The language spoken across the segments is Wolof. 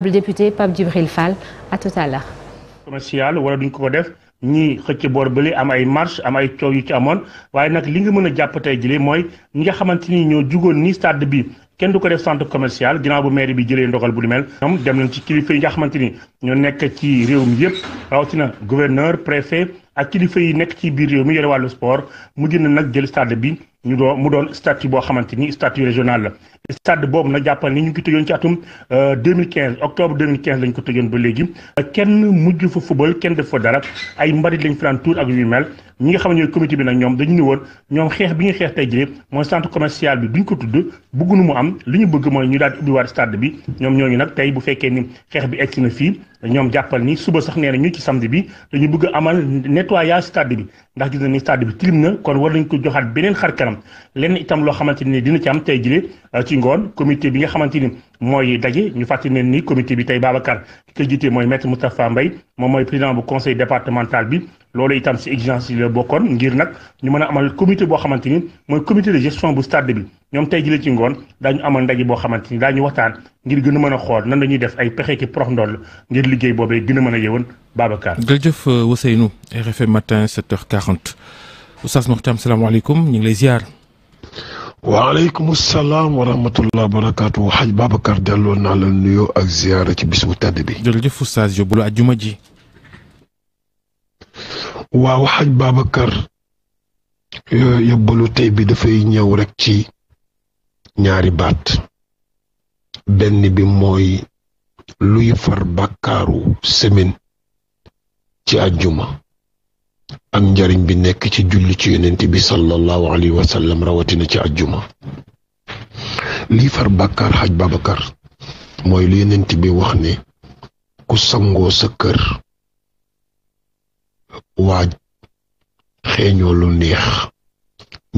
député Pape Djibril Fall à tout à l'heure commercial wala duñ ko ko def ñi xëcc boor bële am ay marche am ay coow yu ci amoon waaye nag li nga mën a jàpp tey jëlee mooy ñi nga xamante ni ñoo jugoon ni stade bi kenn du ko def centre commercial ginnaaw bu maire bi jëlee ndogal bu du mel ñoom dem nañ ci kilifa yi nga xamante ni ñoo nekk ci réew mi yëpp rawatina gouverneur préfet ak kilifa yi nekk ci biir réew mi yore wàllu sport mujj na nag jël stade bi ñu doon mu doon statut boo xamante ni statut régional la stade boobu nag jàppal ni ñu ngi tëjoon ci atum 2015 euh, octobre 2015 lañ ko tëjoon ba léegi kenn mujj fa football kenn def fa dara ay mbarit lañ fanaan tour ak yu mel ñi nga xam ne ñooy comité bi nag ñoom dañu ne woon ñoom xeex bi ñu xeex te jii mooy centre commercial bi duñ ko tudd bëgg bëgguñu mu am li ñu bëgg mooy ñu daal di ubbiwaat stade bi ñoom ñooñu nag tey bu fekkee ni xeex bi egsi na fii ñoom jàppal ni suba sax nee na ñu ci samedi bi dañu bëgg amal nettoyage stade bi ndax gis na ni stade bi tilim na kon war nañ ko joxaat beneen xar lenn itam loo xamante ni dina ci am tey jile ci ngoon comité bi nga xamante ni mooy daje ñu fàttali leen ni comité bi tey Babacar ki ko jiite mooy maître Moustapha mbay moom mooy président bu conseil départemental bi loolu itam si exigence yi la bokkoon ngir nag ñu mën a amal comité boo xamante ni mooy comité de gestion bu stade bi ñoom tey jii ci ngoon daañu amal ndaje boo xamante ni daañu waxtaan ngir gën a mën a xool nan dañuy def ay pexe ki prox ndoll ngir liggéey boobee gën mën a yeewoon Babacar. jërëjëf euh, Ousseynou RFM matin 7h40 Oustaz Mor Thiam salaamaaleykum ñu ngi lay ziar. waaleykum salaam wa rahmatullah wa barakaatu xaj Babacar delloo naa la nuyoo ak ziara ci bis bu tedd bi. jërëjëf Oustaz yóbbu la àjjuma ji. waaw xaj Babacar. Euh, yóbbalu bi dafay ñëw rek ci. ñaari baat benn bi mooy luy far bàkkaaru semaine ci àjjuma ak njariñ bi nekk ci julli ci yonent bi sallallahu alayhi wa rawatina ci àjjuma liy far bàkkaar xaj Babacar mooy lu yonent bi wax ne ku sangoo sa kër waaj xeeñoo lu neex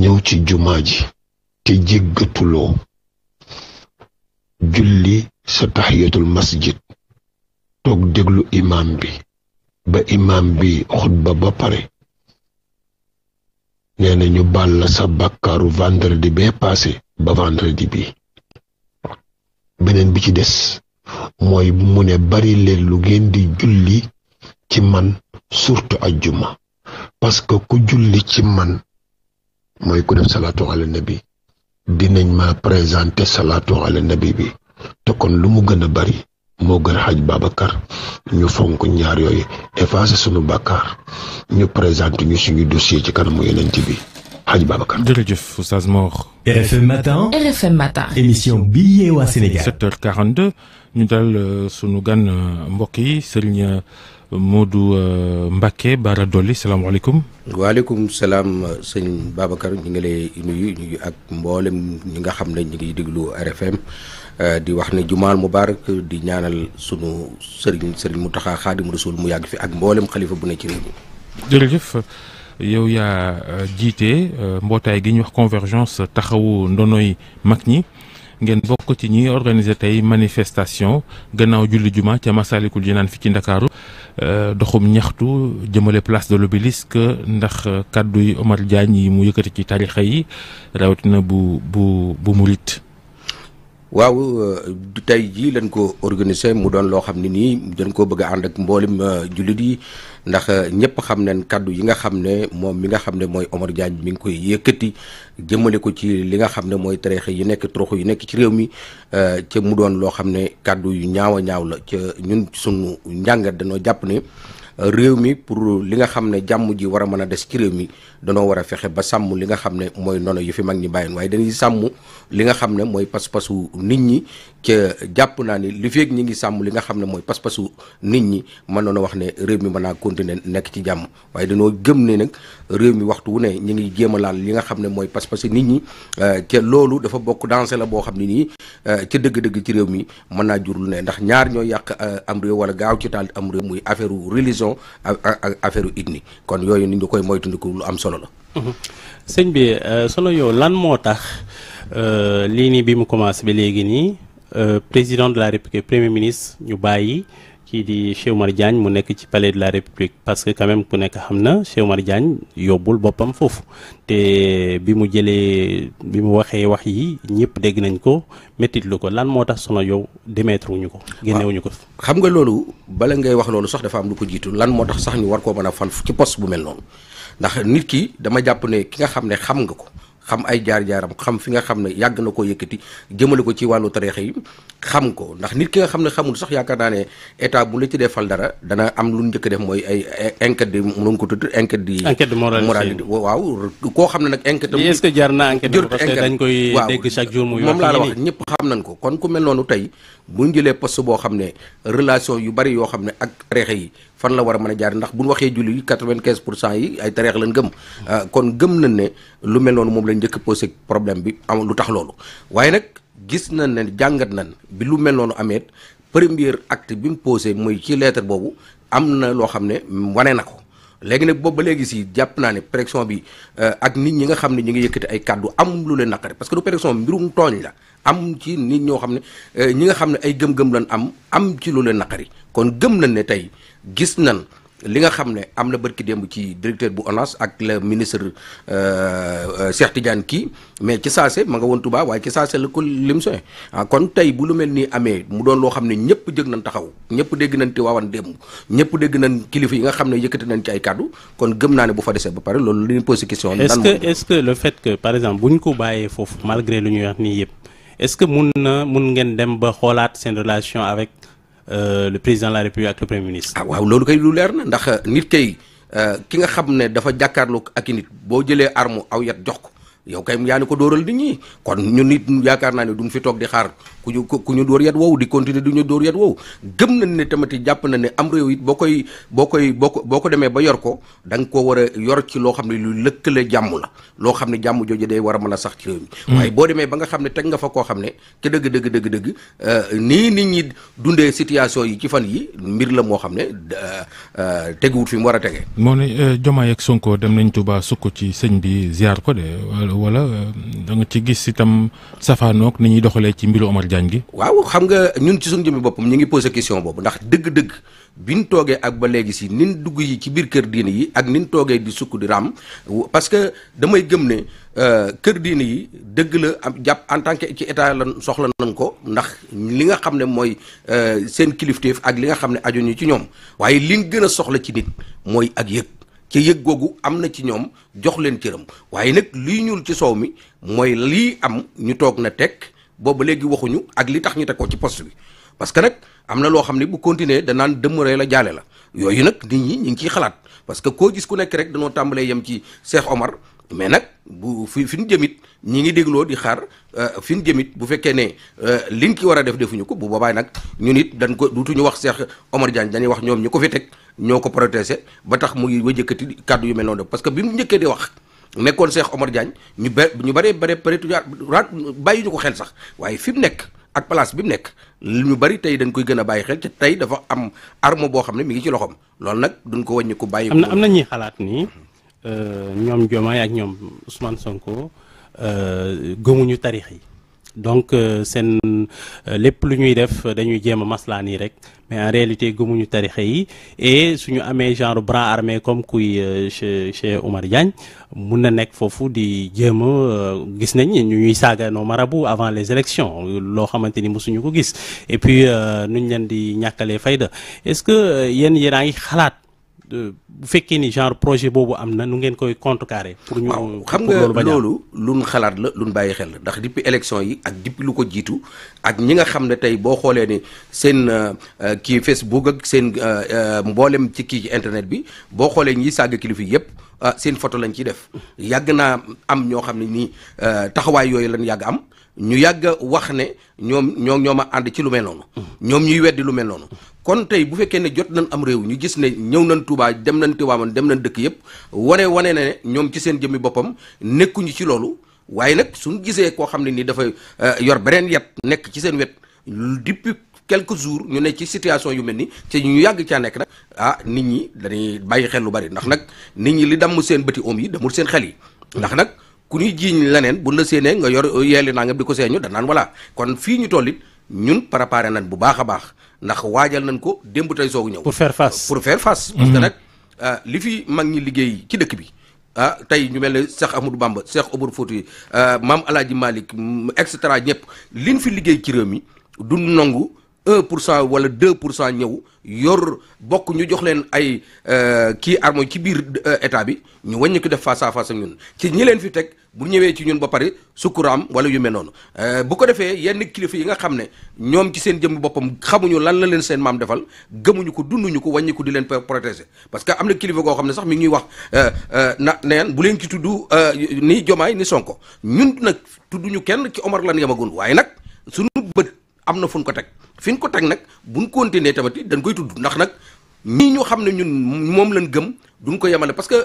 ñëw ci jumaa ji te jéggatuloo julli sa taxiyatul masjid toog déglu imaam bi ba imaam bi xutba ba pare nee na ñu baal la sa bàkkaaru vendredi bee passé ba vendredi bi beneen bi ci des mooy mu ne bari leen lu ngeen di julli ci man surtout ajjuma parce ku julli ci man mooy ku def salaatu ala nabi dinañ ma présenter salaatu ala nabi bi te kon lu mu gën a bari moo gën xaj Babacar ñu fonk ñaar yooyu effacer suñu bàkkaar ñu présenter ñu suñu dossier ci kanamu yeneen ci bi xaj Babacar. jërëjëf Oustaz Mor. RFM matin RFM matin émission bi yee waa Sénégal. 7h42 ñu dal euh, sunu gan euh, mbokk yi Serigne. Euh, Modou euh, Mbacké Bara Dolly salaamaaleykum. waaleykum salaam sëñ Babacar ñu ngi lay nuyu ak mboolem ñi nga xam ne ñu ngi déglu RFM euh, di wax ne jumaal mubaarak di ñaanal sunu sëriñ sëriñ Mountakha Xaadimu Rasuul mu yàgg fi ak mboolem xalifa bu ne ci réew mi. jërëjëf yow yaa euh, jiite mbootaay gi ñuy wax convergence taxawu ndonoy mag ñi. ngeen bokk ci ñi organiser tey manifestation gannaaw julli juma ca Masalikul Jinaan fi ci Ndakaaru Euh, doxum ñaxtu jëmale place de l'obélisque ndax kàddu yi Omar Diagne yi mu yëkkati ci tarixa yi rawatina bu bu bu murit waaw euh, tey jii lañ ko organisé mu doon loo xam ne nii dañ koo bëgg a ànd ak mboolem euh, jullit yi ndax euh, ñëpp xam ne kàddu yi nga xam ne moom mi nga xam ne mooy Omar Diagne mi ngi koy yëkkati jëmale ko ci li nga xam ne mooy tareex yi nekk troxu yi nekk ci réew mi ca mu doon loo xam ne kàddu yu ñaaw a ñaaw la ca ñun sunu njàngat dañoo jàpp ne réew mi pour li nga xam ne jàmm ji war a mën a des ci réew mi danoo war a fexe ba sàmm li nga xam ne mooy ndono yu fi mag ñi bàyyoon waaye dañuy sàmm li xam ne mooy pas-pasu nit ñi ca jàpp naa ni li feeg ñi ngi sàmm li nga xam ne mooy pas-pasu nit ñi mën noona wax ne réew mi mën naa continuer nekk ci jàmm waaye dañoo gëm ne nag réew mi waxtu wu ne ñi ngi jéem a laal li nga xam ne mooy pas-pasu nit ñi ca euh, loolu dafa bokk danse la boo xam ne nii euh, ca dëgg-dëgg ci réew mi mën naa jur lu ne ndax ñaar ñoo yàq euh, am réew wala gaaw ci taal am réew muy affaire religion ak affaire ethnie kon yooyu ni ñu koy moytandiku lu am solo solo la. Mhm. sëñ bi euh, solo yow lan moo tax euh, lii nii bi mu commencé ba léegi nii euh, président de la république premier ministre ñu bàyyi kii di Cheikh Oumar Diagne mu nekk ci palais de la république parce que quand même ku nekk xam na Cheikh Oumar Diagne yóbbul boppam foofu te bi mu jëlee bi mu waxee wax yi ñëpp dégg nañ ko méttitlu ko lan moo tax sono yow démettre wuñu ko. génnewuñu ko xam nga loolu bala ngay wax loolu sax dafa am lu ko jiitu lan moo tax sax ñu war koo mën a fal ci bu mel noonu. ndax nit ki dama jàpp ne ki nga xam ne xam nga ko xam ay jaar-jaaram xam fi nga xam ne yàgg na koo yëkkati jëmale ko ci wàllu tarixa yi xam ko ndax nit ki nga xam ne xamul sax yaakaar naa ne état bu la ci defal dara dana am lu njëkk def mooy ay enquête di mu ko tudd enquête di. enquête de moralité waaw koo xam ne am est-ce que jar na enquête parce que dañ koy dégg chaque jour. muy moom laa la wax ñëpp xam nañ ko kon ku mel noonu tey bu ñu jëlee poste boo xam ne relation yu bari yoo xam ne ak reexe yi fan la war a mën a jaar ndax bu ñu waxee julli yi quatre-vingt-quinze pour cent yi ay tareex lañ gëm. Mm. Ah, kon gëm nañ ne lu mel noonu moom lañ njëkk posé problème bi am lu tax loolu waaye nag gis nañ ne jàngat nañ bi lu mel noonu amee premier act bi mu posé muy ci leetar boobu am na loo xam ne wane na ko léegi nag boobu ba léegi si jàpp naa ne pression bi euh, ak nit ñi nga xam ne ñu ngi yëkkati ay kàddu am lu leen naqari parce que du pression mbirum tooñ la am ci nit ñoo xam ne euh, ñi nga xam ne ay gëm-gëm lañ am am ci lu leen naqari kon gëm nañ ne tey gis nañ. li nga xam ne am na ki démb ci directeur bu ONAS ak le ministre euh, euh, Cheikh Tidiane kii mais ci saase ma nga woon Touba waaye ci saase la ko lim soe ah kon tey bu lu mel nii amee mu doon loo xam ne ñëpp jëg nañ taxaw ñëpp dégg nañ ti waawan démb ñëpp dégg nañ kilifa yi nga xam ne yëkkati nañ ci ay kàddu kon gëm naa ne bu fa desee ba pare loolu li ñu posé question est-ce que le fait que par exemple bu ñu ko bàyyee foofu malgré lu ñu wax nii yëpp est-ce que mun na mun ngeen dem ba xoolaat relation avec Euh, le président de la république ak le premier ministre. ah waaw loolu kay lu leer na ndax euh, nit kay euh, ki nga xam ne dafa jàkkaarloo ak i nit boo jëlee arme aw yat jox ko yow kay yaa ni ko dóoral nit ñi kon ñu nit yaakaar naa ne duñ fi toog di xaar ku ñu ku ñu dóor yat woowu di continuer du ñu dóor yat woowu gëm nañ ne tamit jàpp na ne am réew it boo koy boo koy boo ko boo ko demee ba yor ko danga koo war a yor ci loo xam ne lu lëkkale jàmm la loo xam ne jàmm jooju day war a mën a sax ci réew mm. boo demee ba nga xam ne teg nga fa koo xam ne ke dëgg dëgg dëgg dëgg euh, nii nit ñi dundee situation yi ci fan yi mbir la moo xam ne euh, euh, teguwut fi mu war a tegee moo ne Diomaye ak Sonko dem nañ Touba sukk ci sëñ bi ziar ko de wala da nga ci gis itam safaanoog ni ñuy doxalee ci mbiru Omar Diagne gi. waaw xam nga ñun ci suñu jëmmi boppam ñu ngi posé question boobu ndax dëgg-dëgg bi ñu toogee ak ba léegi si nin dugg yi ci biir kër diine yi ak nin toogee di sukk di raam parce que damay gëm ne euh, kër diine yi dëgg la am jàpp en tant que ci état la soxla nañ ko ndax li nga xam ne mooy euh, seen kilifteef ak li nga xam ne aju ñu ci ñoom waaye li ñu gën a soxla ci nit mooy ak yëg. ci yëg googu am na ci ñoom jox leen cëram waaye nag liy ñuul ci soow mi mooy lii am ñu toog na tekk boobu léegi waxuñu ak li tax ñu teg ko ci post bi parce que nag am na loo xam ne bu continuer danaan dëmëree la jaale la yooyu nag nit ñi ñu ngi ciy xalaat parce que koo gis ku nekk rek danoo tàmbalee yem ci Cheikh Omar mais nag bu fi fi ñu jëmit ñi ngi dégloo di xaar euh, fi ñu jëmit bu fekkee ne euh, liñ ki war a def defuñu ko bu boobaay nag ñun it dañ ko dutuñu wax Cheikh Omar Diagne dañuy wax ñoom ñu ko fi teg ñoo ko protégé ba tax muy ba jëkkati kàddu yu mel noonu def parce que bi mu njëkkee di wax nekkoon Cheikh Omar Diagne ñu be ñu bëree bare peut-être bàyyi ñu ko xel sax waaye fi mu nekk ak place bi mu nekk lu ñu bëri tey dañ koy gën a bàyyi xel tey dafa am arme boo xam ne mi ngi ci loxoom loolu nag duñ ko wàññi ko bàyyi. am na am na ñuy xalaat ni euh, ñoom Diomaye ak ñoom Ousmane Sonko euh, gëmuñu tarix yi. donc euh, seen euh, lépp lu ñuy def dañuy jéem a maslaa nii rek mais en réalité gëmuñu tarixe yi et suñu amee genre bras armé comme kuy chez euh, chez Omar Diagne mun na nekk foofu di jéem a gis nañ ñu ñuy saaga noo marabu avant les élections loo xamante ni mosuñu ko gis et puis nuñ leen di ñàkkalee fayda est-ce que yéen yéen a ngi xalaat. bu fekkee ni genre projet boobu am na nu ngeen koy contrecarrer. pour ñu xam nga loolu luñ xalaat la luñ bàyyi xel la ndax depuis élection yi ak depuis lu ko jiitu ak ñi nga xam ne tey boo xoolee ni seen euh, euh, kii Facebook ak seen euh, mboolem ci kii ci internet bi boo xoolee ñiy sàgg kilifa yëpp ah, seen photo lañ ciy def yàgg naa am ñoo xam ne nii taxawaay yooyu lañ yàgg am. ñu yàgg wax ne ñoom ñoo ñoo ma ànd ci lu mel noonu. ñoom ñuy weddi lu mel noonu. kon tey bu fekkee ne jot nañ am réew ñu gis ne ñëw nañ Touba dem nañ Tiwaawan dem nañ dëkk yëpp wane wane ne ñoom ci seen jëmmi boppam nekkuñu ci loolu waaye nag suñu gisee koo xam ne ni dafa euh, yor beneen yet nekk ci seen wet depuis quelque jours ñu ne ci situation yu mel ni ci ñu yàgg caa nekk nag ah nit ñi dañuy bàyyi xel lu bari ndax nag nit ñi li damm seen bëti om yi demul seen xel yi ndax nag. ku ñuy jiiñ leneen bu la séenee nga yor yeeli nangam di ko seeñu danaan voilà kon fii ñu toll it ñun préparé nañ bu baax a baax ndax waajal nañ ko démb tey soogu ñëw. pour faire face pour faire face. Mm-hmm. parce que nag euh, li fi mag ñi liggéey ci dëkk bi. ah tey ñu mel ne Cheikh Ahmadou Bamba Cheikh Omar Fouti euh, maam El Hadj Malick et cetera ñëpp liñ fi liggéey ci réew mi du nangu. un pour cent wala deux pour cent ñëw yor bokk ñu jox leen ay euh, kii arme ci biir euh, état bi ñu wàññi ko def face à ñun ci ñi leen fi teg bu ñëwee ci ñun ba pare sukkuraam wala yu mel noonu euh, bu ko defee yenn kilifa yi nga xam ne ñoom ci seen jëmm boppam xamuñu lan la leen seen maam defal gëmuñu ko dunduñu ko wàññi di leen protéger parce que am na kilifa goo xam ne sax mi ngi ñuy wax na neen bu leen ci tudd ni Jomaay ni Sonko ñun nag tudduñu kenn ci Omar lan yamagul waaye nag. am na fu ñu ko teg fi ñu ko teg nag buñ continuer tamit dañ koy tudd ndax nag mii ñu xam ne ñun moom lan gëm duñ ko yemale parce que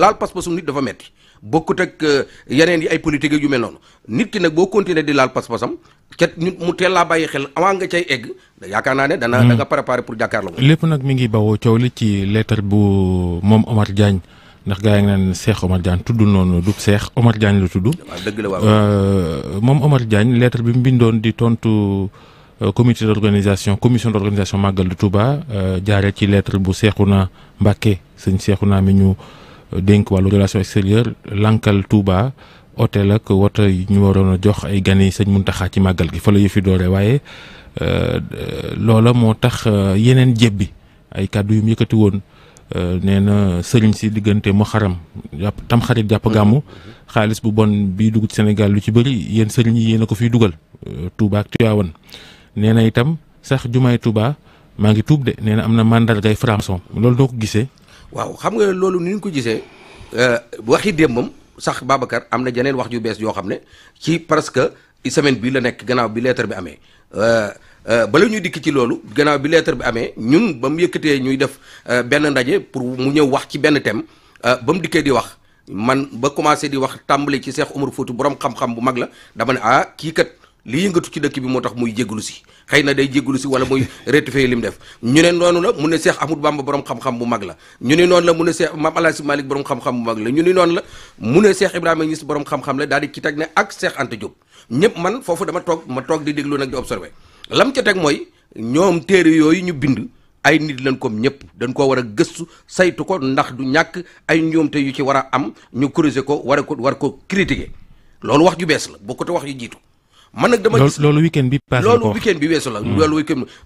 laal pas-pasu nit dafa metti bokkut ak euh, yeneen yi ay politique yu mel noonu nit ki nag boo continuer di laal pas-pasam ca nit mu teel laa bàyyi xel avant nga cay egg yaakaar naa ne dana hmm. da nga préparé pour jàkkaarloo lépp nag mi ngi bawoo coow li ci lettre bu moom Omar Diagne ndax gaa ngi naan Cheikh Omar Diagne tudd noonu du Cheikh Omar Diagne la tudd. waaw dëgg la waaw euh, moom Omar Diagne lettre bi mu bindoon di tontu. Euh, comité d'organisation commission d'organisation màggal de Touba euh, jaaree ci lettre bu Seexuna sañ sëñ naa mi ñu euh, dénk wàllu relation extérieure lànkal Touba hôtel ak woto yi ñu waroon a jox ay gan yi sëñ Muntaxa ci màggal gi fa la yëfi doore waaye loola moo tax yeneen jébbi ay kàddu yu mu yëkkati woon nee na sëriñ si diggante mu xaram jàpp Tamxarit jàpp gàmmu xaalis bu bon bii dugg ci Sénégal lu ci bëri yéen sëriñ yi yéen ko fiy dugal Touba ak Tivaouane nee na itam sax jumaay Touba maa ngi tuub de nee na am na mandargay franc loolu doo ko gisee. waaw xam nga loolu ni ñu ko gisee euh, waxi démbam sax Babacar am na jeneen wax ju bees yoo xam ne ci presque semaine bi la nekk gannaaw bi lettre bi amee. Euh, euh, bala ñuy dikk ci loolu gannaaw bi lettre bi amee ñun ba mu yëkkatee ñuy def benn ndaje pour mu ñëw wax ci benn thème ba mu dikkee di wax man ba commencé di wax tàmbali ci Cheikh Omar Fouti borom xam-xam mag la dama ah kii li yëngatu ci dëkk bi moo tax muy jégalu si xëy na day jégalu si wala muy rectifier li mu def ñu ne noonu la mun ne Seex Ahmadu Bamba borom xam-xam mag la ñu ne noonu la mu ne Seex Maam Alaaji Malick borom xam-xam bu mag la ñu ne noonu la mu ne Seex Ibrahima Ñas borom xam-xam la daal di ci teg ne ak Seex Anta jóg ñëpp man foofu dama toog ma toog di déglu nag di observé lam ca teg mooy ñoom téere yooyu ñu bind ay nit lañ koom ñëpp dañ koo war a gëstu saytu ko ndax du ñàkk ay njuumte yu ci war a am ñu corriger ko war a ko war ko critiquer loolu wax ju bees la bokkut wax yu jiitu man nag dama gis loolu weekend bi passé loolu weekend bi weesu la hmm. loolu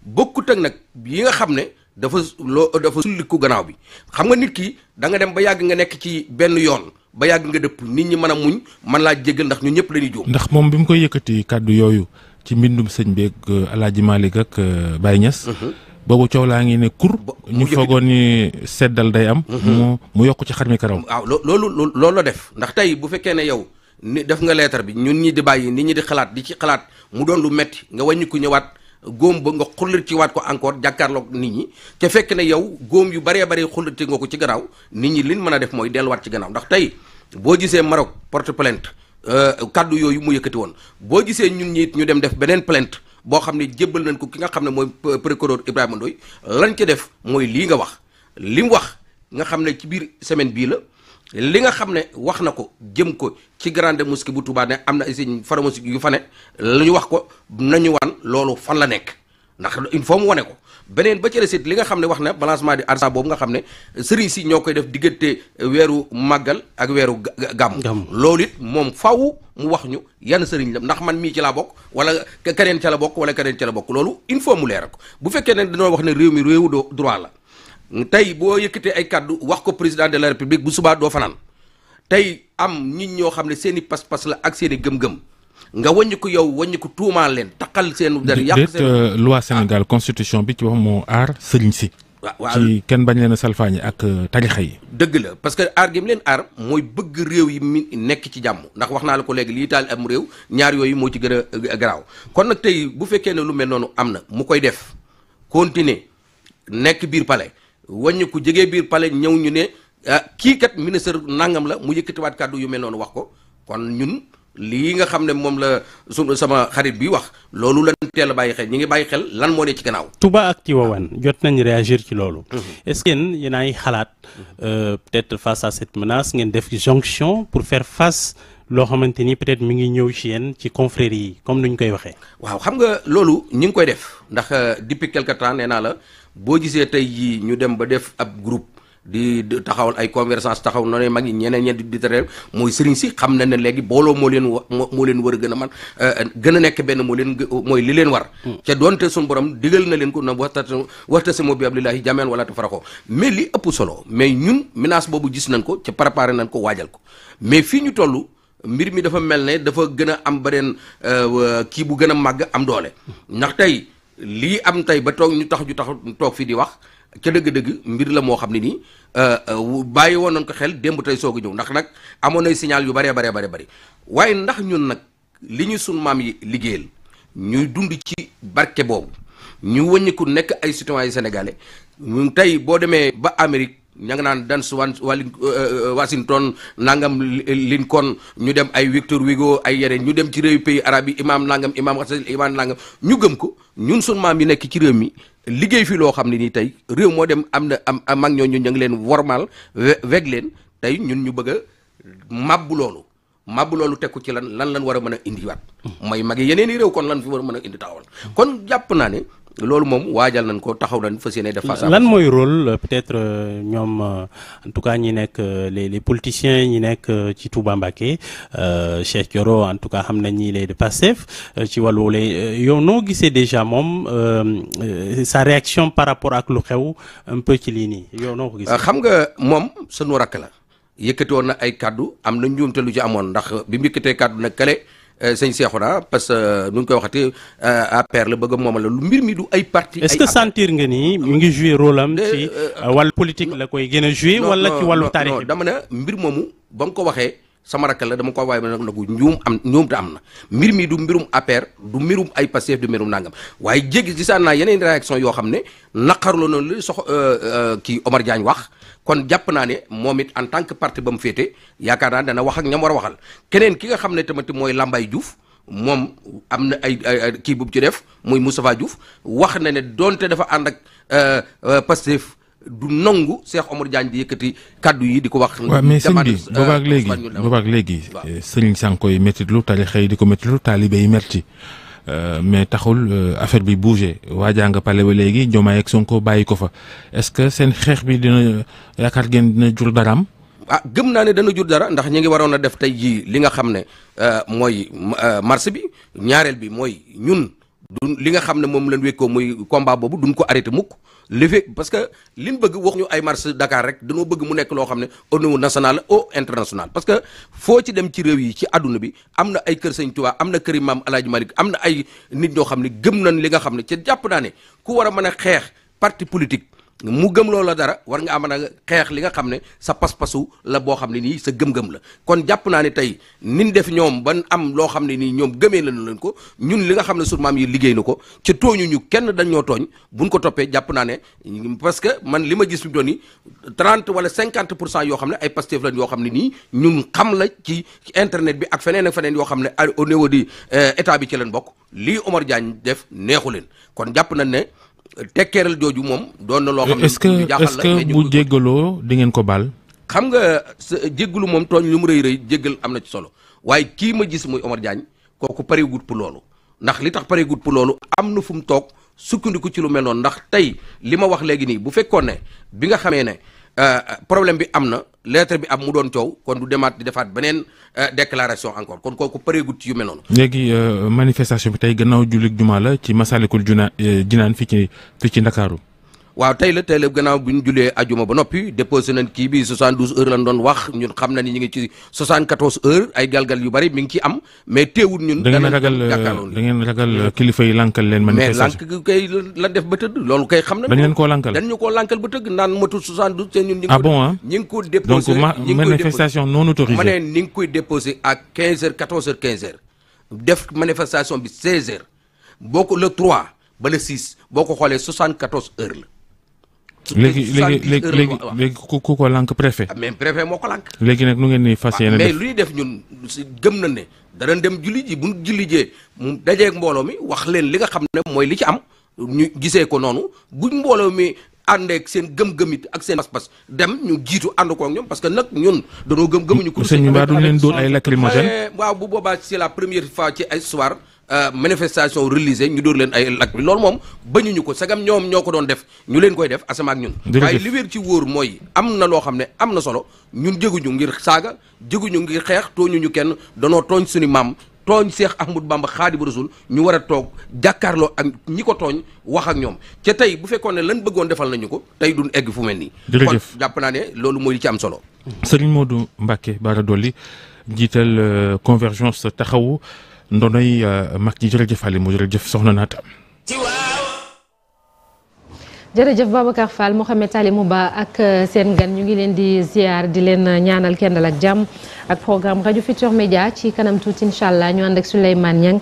bokkut ak nag yi nga xam ne dafa loo dafa sulliku gannaaw bi xam nga nit ki danga dem ba yàgg nga nekk ci benn yoon ba yàgg nga dëpp nit ñi mën a muñ man laa jéggal ndax ñu ñëpp la ñuy jóom ndax moom bi mu koy yëkkati kàddu yooyu ci mbindum sëñ bi ak euh, Alaaji Malick ak euh, Baye Niass mhm. boobu coow laa ngi ne kur ñu foogoon ni seddal day am mhm. mu yokk ci xar mi karaw waaw loolu loolu la def ndax tey bu fekkee ne yow ni def nga leetar bi ñun ñi di bàyyi nit ñi di xalaat di ci xalaat mu doon lu metti nga wàññi ko ñëwaat góom ba nga xulliti waat ko encore jàkkaarlook nit ñi te fekk ne yow góom yu baree baree xulliti nga ko ci gannaaw nit ñi liñ mën a def mooy delluwaat ci gannaaw ndax tey boo gisee Maroc porte plainte euh, kàddu yooyu mu yëkkati woon boo gisee ñun ñiit ñu dem def beneen plainte boo xam ne jébbal nañ ko ki nga xam ne mooy procureur Ibrahima Ndoye lañ ca def mooy lii nga wax li mu wax nga xam ne ci biir semaine bii la li nga xam ne wax na ko jëm ko ci grande mosquée bu Touba ne am na sëñ pharmacie yu fa ne ñu wax ko nañu wan loolu fan la nekk ndax il faut mu wane ko beneen ba ci recette li nga xam ne wax na balancement di arsa boobu nga xam ne sëriñ si ñoo koy def diggante weeru màggal ak weeru gàmm loolu it moom faw mu wax ñu yan sëriñ la ndax man mii ci laa bokk wala keneen ca la bokk wala keneen ca la bokk loolu il faut mu leeral ko bu fekkee ne dañoo wax ne réew mi réewu la tey boo yëkkatee ay kàddu wax ko président de la république bu subaa doo fanaan tey am nit ñoo xam ne seen i pas-pas la ak seen gëm-gëm nga wàññi ko yow wàññi ko tuumaal leen taqal seen. der yàq seen euh, loi Sénégal constitution bi ci wax moo si. waaw kenn bañ leen a salfaañi ak euh, tarixa yi. dëgg la parce que aar gi leen aar mooy bëgg réew yi mi nekk ci jàmm ndax wax naa la ko léegi lii taal am réew ñaar yooyu moo ci gën a euh, garaaw kon nag tey bu fekkee ne lu mel noonu am na mu koy def continuer nekk biir palais wàññi ku jege biir pale ñëw ñu ne ah, kii kat ministre nangam la mu yëkkatiwaat kàddu yu mel noonu wax ko kon ñun lii nga xam ne moom la su sama xarit bi wax loolu lan teel a bàyyi xel ñi ngi bàyyi xel lan moo ne ci gannaaw. Touba ak Tivaouane jot nañ réagir ci loolu. Mhm. est-ce que xalaat mhm. euh, peut-être face à cette menace ngeen def jonction pour faire face. loo xamante ni peut-être mi ngi ñëw ci yéen ci confrérie yi comme ñu koy waxee. waaw xam nga loolu ñi koy def ndax euh, depuis quelque temps nee naa la boo gisee tey jii ñu dem ba def ab groupe. di taxawal ay convergence taxaw na ne mag yi ñeneen ñe di tere mooy sëriñ si xam na ne léegi booloo moo leen wa moo leen war a gën a man euh, gën a nekk benn moo leen mooy li leen war hmm. ca doonte suñu borom digal na leen ko na waxta waxtasimo bi ablillahi jameen wala tafaraqoo mais li ëpp solo mais ñun menace boobu gis nañ ko ca préparé nañ ko waajal ko mbir mi dafa mel ne dafa gën a am beneen euh, kii bu gën a màgg am doole ndax tey lii am tey ba toog ñu tax ñu tax toog fii di wax ca dëgg-dëgg mbir la moo xam ne nii euh, euh, bàyyi woon nañ ko xel démb tey soog a ñëw ndax nag amoon ay signal yu bëree baree bare bëri waaye ndax ñun nag li ñu sunu maam yi liggéeyal ñuy dund ci barke boobu ñu wëññiku nekk ay yu citoyen ñu tey boo demee ba amerique ña nga naan dans euh, euh, Washington nangam Lincoln ñu dem ay Victor Hugo ay yeneen ñu dem ci réew pays arabe yi imaam nangam imaam xasal imaam nangam ñu gëm ko ñun sunu maam yi nekk ci réew mi liggéey fi loo xam ne nii tey réew moo dem am na am am ak ñooñu ñu ngi leen wormaal weg leen tey ñun ñu bëgg a màbb loolu màbb loolu tekku ci lan lan lan war a mën a indiwaat. Mm. mooy mag yeneen i réew kon lan fi war a mën a indi taawal kon jàpp naa ne. loolu moom waajal nañ koo taxaw nañ fas yéene def face lan mooy rôle euh, peut-être euh, ñoom euh, en tout cas ñi nekk les les politiciens ñi nekk ci Touba Mbacké Cheikh Thioro en tout cas xam nañ ñii lay de Pastef ci wàllu wala yow noo gisee déjà moom sa réaction par rapport ak lu xew un peu ci lii nii yow noo ko gisee. xam nga moom sunu rakk la yëkkati woon na ay kàddu am na njuumte lu ci amoon ndax bi mu yëkkatee kaddu nag kale. Euh, sëñ Cheikhouna parce que euh, nu ñu koy waxatee euh, APR la bëgg moom moomal la lu mbir mi du ay parti est-ce que sentir nga nii mu ngi jouer rôle am ci wàllu politique la koy gën a jouer wala ci wàllu taarix dama ne mbir moomu ba nga ko waxee sama rakkal la dama ko waaye nag nagu ñuum am ñuum te am na mbir mi du mbirum APR du mbirum ay Pastef du mbirum nangam waaye jéggi gisaan naa yeneen réaction yoo xam ne naqarloo noonu li sox euh, euh, kii Omar Diagne wax kon jàpp naa ne moom it en tant que parti ba mu féete yaakaar naa dana wax ak ñam war a waxal keneen ki nga xam ne tamit mooy Lambaye Diouf moom am na ay kii bu ci def muy Moustapha Diouf wax na ne donte dafa ànd ak euh, Pastef du nangu Cheikh Omar Diagne di yëkkati kàddu yi di ko wax. waaw mais sëñ bi boobaak euh, léegi boobaak euh, léegi euh, sëriñ sànq koy méttitlu tarixa yi di ko méttitlu taalibe yi métti mais taxul affaire bi bougé waa jàng pale ba léegi Diomaye ak Sonko bàyyi ko fa est-ce que seen xeex bi dina yaakaar ngeen dina jur daraam. ah gëm naa ne dana jur dara ndax ñu ngi waroon a def tey jii li nga xam ne mooy marché bi ñaareel bi mooy ñun. dun li nga xam ne moom lañ wékkoo muy combat boobu duñ ko arrêté mukk li fekk parce que li liñ bëgg wax ñu ay marché Dakar rek dañoo bëgg mu nekk loo xam ne o niveau national au international parce que foo ci dem ci réew yi ci àdduna bi am na ay kër Sëñ Tuubaa am na këri maam El Hadj Malick am na ay nit ñoo xam ne gëm nañ li nga xam ne ca jàpp naa ne ku war a mën a xeex parti politique mu gëm loola dara war nga am na xeex li nga xam ne sa pas-pasu la boo xam ne nii sa gëm-gëm la kon jàpp naa ne tey nin def ñoom ban am loo xam ne nii ñoom gëmee lañu leen ko ñun li nga xam ne sunu yi liggéey na ko ci tooñu ñu kenn dañ ñoo tooñ buñ ko toppee jàpp naa ne parce que man li ma gis fi mu doon wala 50 pour cent yoo xam ne ay Pastef lañ yoo xam ne nii ñun xam la ci internet bi ak feneen feneen yoo xam ne au niveau du euh, état bi ci leen bokk lii Omar Diagne def neexu leen kon jàpp nañ ne tekkeeral jooju moom doon na loo xam ne est-ce que est-ce que bu jéggaloo di ngeen ko baal xam nga sa jéggalu moom tooñ lu mu rëy rëy jéggal am na ci solo waaye kii ma gis muy Omar Diagne kooku pareegut pour loolu ndax li tax pareegut pour loolu am na fu mu toog sukkandiku ci lu mel noon ndax tey li ma wax léegi nii bu fekkoon ne bi nga xamee ne Euh, problème bi am na lettre bi am mu doon coow kon du demaat di defaat beneen euh, déclaration encore kon kooku pareegut yu mel noonu. léegi euh, manifestation bi tey gannaaw jullit juma la ci Masalikul Juna Jinaan fii ci fii ci Ndakaaru. waaw tey la tey la gannaaw bu ñu julee ajuma ba noppi déposé nañ kii bi 72 heures lañ doon wax ñun xam na ni ñu ngi ci 74 heures ay galgal yu bari mi ngi ci am mais teewul ñun. da ngeen ragal da ngeen ragal kilifa yi lankal leen. manifestation mais lank ko ah bon ah ñu ngi ko déposé donc manifestation non autorisée. ma ne ni ngi koy déposé à 15 heures 14 heures bi 16 heures boo ko le 3 ba le 6 boo ko xoolee 74 heures la. léegi léegi léegi léegi ku ko lànk préfet. Ah, mais préfet moo ko lànk. léegi nag nu ngeen ni fas ah, yéene def mais lu ñu def ñun gëm na ne danañ dem julli ji bu julli jee mu dajeeg mbooloo mi wax leen li nga xam ne mooy li ci am ñu gisee ko noonu buñ mbooloo mi àndeek seen gëm gëmit ak seen pas-pas dem ñu jiitu ànd ko ak ñoom parce que nag ñun dañoo gëm gëmuñu. ko sëñ bi mbaa leen dóor ay lacrymogène eh, waaw bu boobaa c'est la première fois ci ay soir Euh, manifestation religieuse ñu dóor leen ay lakk loolu moom bañuñu ko sagam ñoom ñoo ko doon def ñu leen koy def asama ak ñun waaye li wér ci wóor mooy am na loo xam ne am na solo ñun jéguñu ngir saaga jéguñu ngir xeex tooñuñu kenn danoo tooñ suñu maam tooñ Seex Ahmadu Bamba Xaadimu Rasuul ñu war a toog jàkkaarloo ak ñi ko tooñ wax ak ñoom ca tey bu fekkoon ne lañ bëggoon defal nañu ko tey duñ egg fu mel nii jàpp naa ne loolu mooy li ci am solo Serigne Modou Mbacké Bara Dolly jiital euh, convergence taxawu ndonoy euh, mag ji jërëjëf Aliouma jëf soxna naata. jërëjëf Babacar moo Mohamed Alimu Ba ak euh, seen gan ñu ngi leen di ziar di leen euh, ñaanal kendal ak jàmm ak programme rajo Futur Média ci kanam tuuti incha allah ñu ànd ak Souleymane